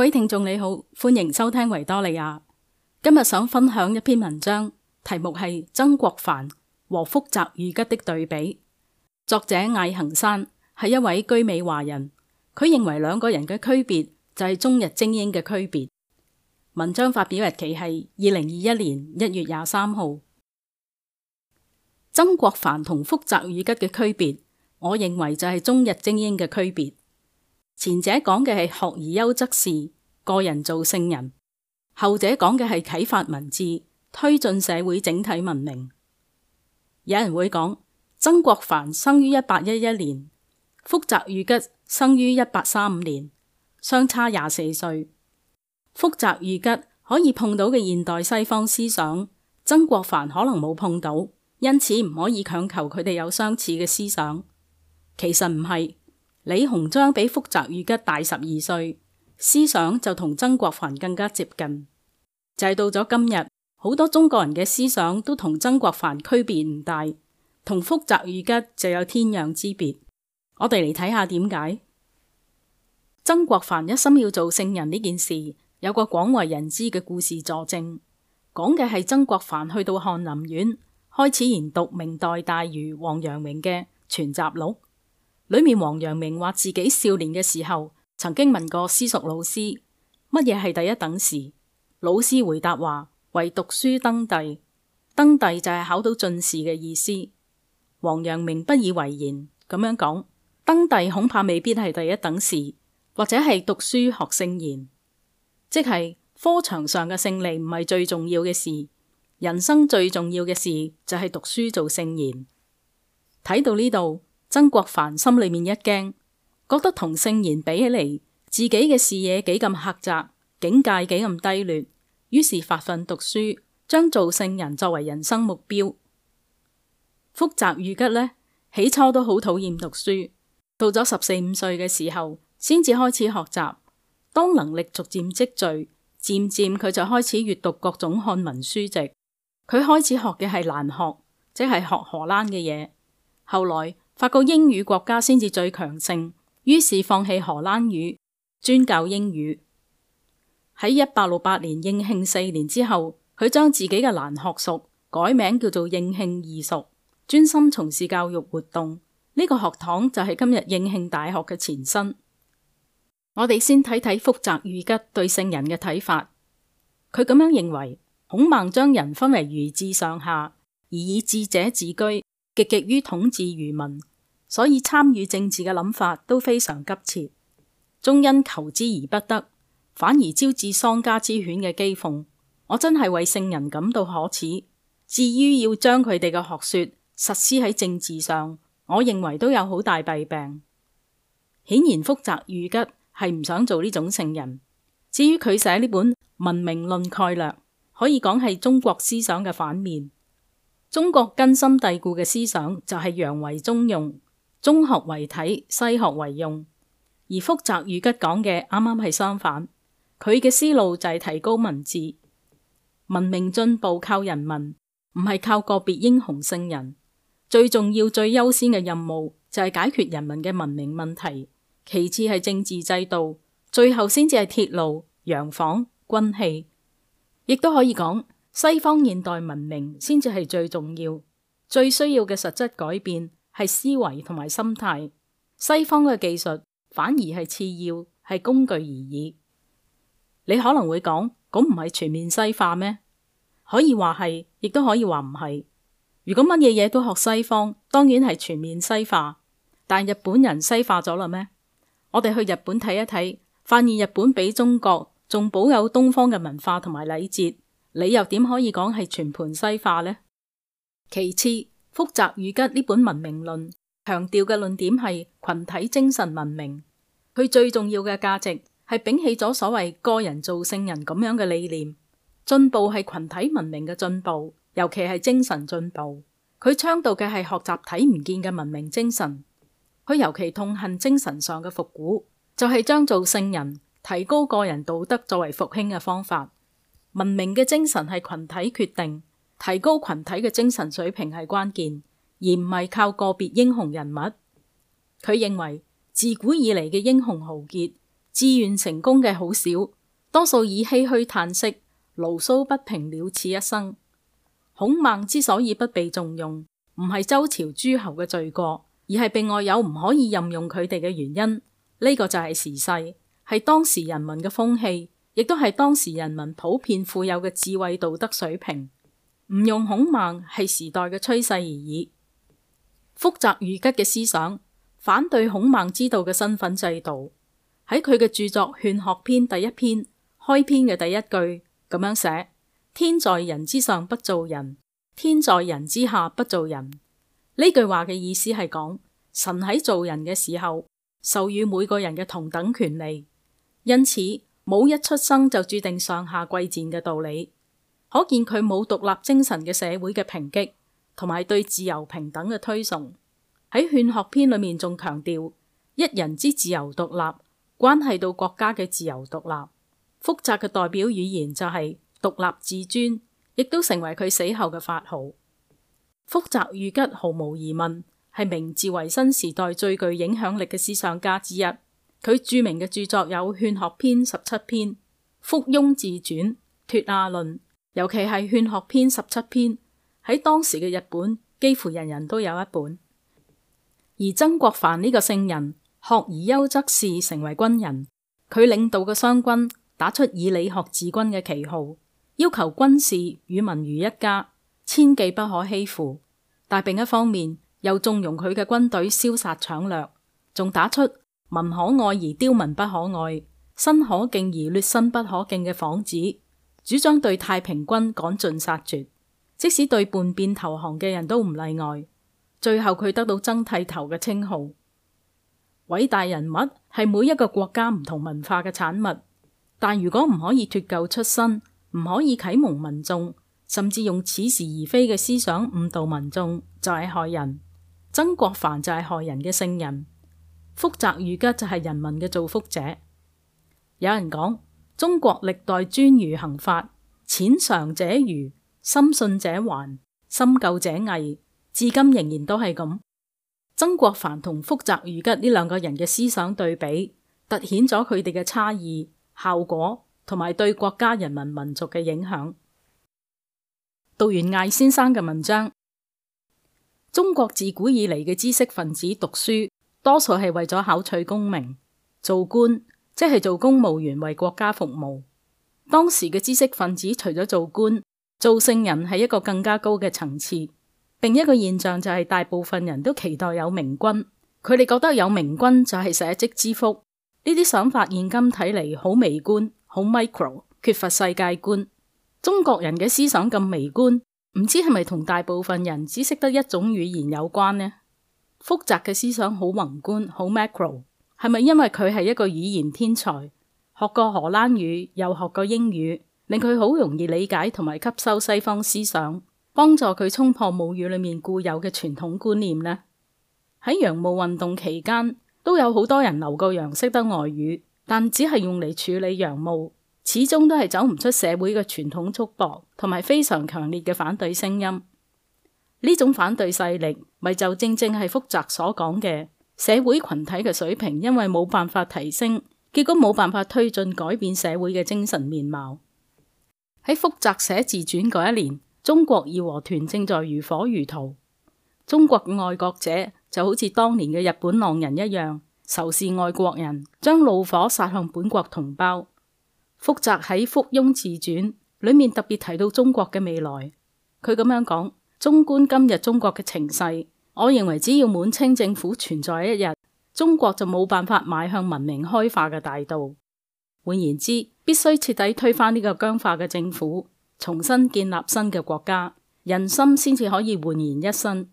各位聽眾你好，歡迎收聽維多利亞。今日想分享一篇文章，題目係曾國藩和福澤諭吉的對比。作者艾行山係一位居美華人，佢認為兩個人嘅區別就係中日精英嘅區別。文章發表日期係二零二一年一月廿三號。曾國藩同福澤諭吉嘅區別，我認為就係中日精英嘅區別。前者講嘅係學而優則仕。個人做聖人，後者講嘅係啟發文字，推進社會整體文明。有人會講，曾國藩生於一八一一年，福澤諭吉生於一八三五年，相差廿四歲。福澤諭吉可以碰到嘅現代西方思想，曾國藩可能冇碰到，因此唔可以強求佢哋有相似嘅思想。其實唔係，李鴻章比福澤諭吉大十二歲。思想就同曾國藩更加接近，就係、是、到咗今日，好多中國人嘅思想都同曾國藩區別唔大，同福澤諭吉就有天壤之別。我哋嚟睇下點解曾國藩一心要做聖人呢件事，有個廣為人知嘅故事佐證，講嘅係曾國藩去到翰林院，開始研讀明代大儒王陽明嘅全集錄，裏面王陽明話自己少年嘅時候。曾經問過私塾老師乜嘢係第一等事，老師回答話：為讀書登第，登第就係考到進士嘅意思。王陽明不以為然咁樣講，登第恐怕未必係第一等事，或者係讀書學聖賢，即係科場上嘅勝利唔係最重要嘅事，人生最重要嘅事就係讀書做聖賢。睇到呢度，曾國藩心裏面一驚。覺得同聖賢比起嚟，自己嘅視野幾咁狹窄，境界幾咁低劣，於是發奮讀書，將做聖人作為人生目標。福澤諭吉呢，起初都好討厭讀書，到咗十四五歲嘅時候，先至開始學習。當能力逐漸積聚，漸漸佢就開始閱讀各種漢文書籍。佢開始學嘅係蘭學，即係學荷蘭嘅嘢。後來發覺英語國家先至最強盛。於是放棄荷蘭語，專教英語。喺一八六八年應慶四年之後，佢將自己嘅蘭學塾改名叫做應慶義塾，專心從事教育活動。呢、這個學堂就係今日應慶大學嘅前身。我哋先睇睇福澤諭吉對聖人嘅睇法。佢咁樣認為，孔孟將人分為愚智上下，而以智者自居，極極於統治愚民。所以參與政治嘅諗法都非常急切，終因求之而不得，反而招致喪家之犬嘅譏諷。我真係為聖人感到可恥。至於要將佢哋嘅學說實施喺政治上，我認為都有好大弊病。顯然複雜吉，福澤諭吉係唔想做呢種聖人。至於佢寫呢本《文明論概略》，可以講係中國思想嘅反面。中國根深蒂固嘅思想就係洋為中用。中學為體，西學為用，而福澤諭吉講嘅啱啱係相反。佢嘅思路就係提高民智。文明進步靠人民，唔係靠個別英雄聖人。最重要、最優先嘅任務就係解決人民嘅文明問題，其次係政治制度，最後先至係鐵路、洋房、軍器。亦都可以講，西方現代文明先至係最重要、最需要嘅實質改變。係思維同埋心態，西方嘅技術反而係次要，係工具而已。你可能會講，咁唔係全面西化咩？可以話係，亦都可以話唔係。如果乜嘢嘢都學西方，當然係全面西化。但日本人西化咗啦咩？我哋去日本睇一睇，發現日本比中國仲保有東方嘅文化同埋禮節。你又點可以講係全盤西化呢？其次。福澤諭吉呢本文明論強調嘅論點係群體精神文明，佢最重要嘅價值係摒棄咗所謂個人造聖人咁樣嘅理念，進步係群體文明嘅進步，尤其係精神進步。佢倡導嘅係學習睇唔見嘅文明精神，佢尤其痛恨精神上嘅復古，就係將造聖人提高個人道德作為復興嘅方法。文明嘅精神係群體決定。提高群體嘅精神水平係關鍵，而唔係靠個別英雄人物。佢認為自古以嚟嘅英雄豪傑，志願成功嘅好少，多數以唏噓嘆息、牢騷不平了此一生。孔孟之所以不被重用，唔係周朝諸侯嘅罪過，而係被外有唔可以任用佢哋嘅原因。呢個就係時勢，係當時人民嘅風氣，亦都係當時人民普遍富有嘅智慧道德水平。唔用孔孟係時代嘅趨勢而已。福澤諭吉嘅思想反對孔孟之道嘅身份制度，喺佢嘅著作《勸學篇》第一篇開篇嘅第一句咁樣寫：天在人之上不造人，天在人之下不造人。呢句話嘅意思係講神喺造人嘅時候，授予每個人嘅同等權利，因此冇一出生就注定上下貴賤嘅道理。可見佢冇獨立精神嘅社會嘅抨擊，同埋對自由平等嘅推崇。喺勸學篇裏面仲強調，一人之自由獨立關係到國家嘅自由獨立。福澤嘅代表語言就係獨立自尊，亦都成為佢死後嘅法號。福澤諭吉毫無疑問係明治維新時代最具影響力嘅思想家之一。佢著名嘅著作有《勸學篇》十七篇，《福翁自傳》脫論《脫亞論》。尤其係勸學篇十七篇，喺當時嘅日本，幾乎人人都有一本。而曾國藩呢個聖人，學而優則仕，成為軍人。佢領導嘅湘軍，打出以理學治軍嘅旗號，要求軍事與民如一家，千祈不可欺負。但另一方面，又縱容佢嘅軍隊燒殺搶掠，仲打出民可愛而刁民不可愛，身可敬而劣身不可敬嘅幌子。主張對太平軍趕盡殺絕，即使對叛變投降嘅人都唔例外。最後佢得到曾剃頭嘅稱號。偉大人物係每一個國家唔同文化嘅產物，但如果唔可以脫舊出身，唔可以啟蒙民眾，甚至用似是而非嘅思想誤導民眾，就係、是、害人。曾國藩就係害人嘅聖人，福澤諭吉就係人民嘅造福者。有人講。中國歷代尊儒行法，淺嘗者儒，深信者還，深究者魏，至今仍然都係咁。曾國藩同福澤諭吉呢兩個人嘅思想對比，凸顯咗佢哋嘅差異、效果同埋對國家、人民、民族嘅影響，讀完艾先生嘅文章，中國自古以嚟嘅知識分子讀書，多數係為咗考取功名、做官。即係做公務員為國家服務。當時嘅知識分子除咗做官，做聖人係一個更加高嘅層次。另一個現象就係大部分人都期待有明君，佢哋覺得有明君就係社稷之福。呢啲想法現今睇嚟好微觀，好 micro，缺乏世界觀。中國人嘅思想咁微觀，唔知係咪同大部分人只識得一種語言有關呢？複雜嘅思想好宏觀，好 macro。係咪因為佢係一個語言天才，學過荷蘭語又學過英語，令佢好容易理解同埋吸收西方思想，幫助佢衝破母語裏面固有嘅傳統觀念呢？喺洋務運動期間，都有好多人留過洋，識得外語，但只係用嚟處理洋務，始終都係走唔出社會嘅傳統束縛，同埋非常強烈嘅反對聲音。呢種反對勢力，咪就正正係福澤所講嘅。社會群體嘅水平因為冇辦法提升，結果冇辦法推進改變社會嘅精神面貌。喺《福澤寫自傳》嗰一年，中國義和團正在如火如荼，中國嘅愛國者就好似當年嘅日本浪人一樣仇視外國人，將怒火殺向本國同胞。福澤喺《福庸自傳》裏面特別提到中國嘅未來，佢咁樣講：縱觀今日中國嘅情勢。我認為只要滿清政府存在一日，中國就冇辦法邁向文明開化嘅大道。換言之，必須徹底推翻呢個僵化嘅政府，重新建立新嘅國家，人心先至可以煥然一新。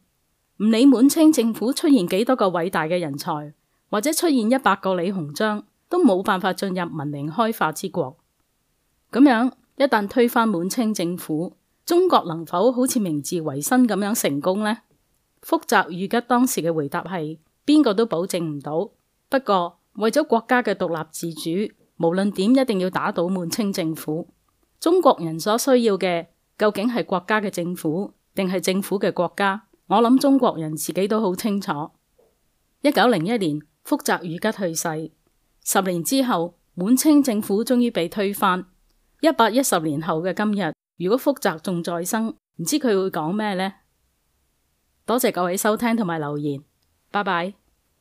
唔理滿清政府出現幾多個偉大嘅人才，或者出現一百個李鴻章，都冇辦法進入文明開化之國。咁樣，一旦推翻滿清政府，中國能否好似明治維新咁樣成功呢？福澤諭吉當時嘅回答係：邊個都保證唔到。不過為咗國家嘅獨立自主，無論點一定要打倒滿清政府。中國人所需要嘅究竟係國家嘅政府，定係政府嘅國家？我諗中國人自己都好清楚。一九零一年，福澤諭吉去世，十年之後，滿清政府終於被推翻。一百一十年後嘅今日，如果福澤仲在生，唔知佢會講咩呢？多謝各位收聽同埋留言，拜拜。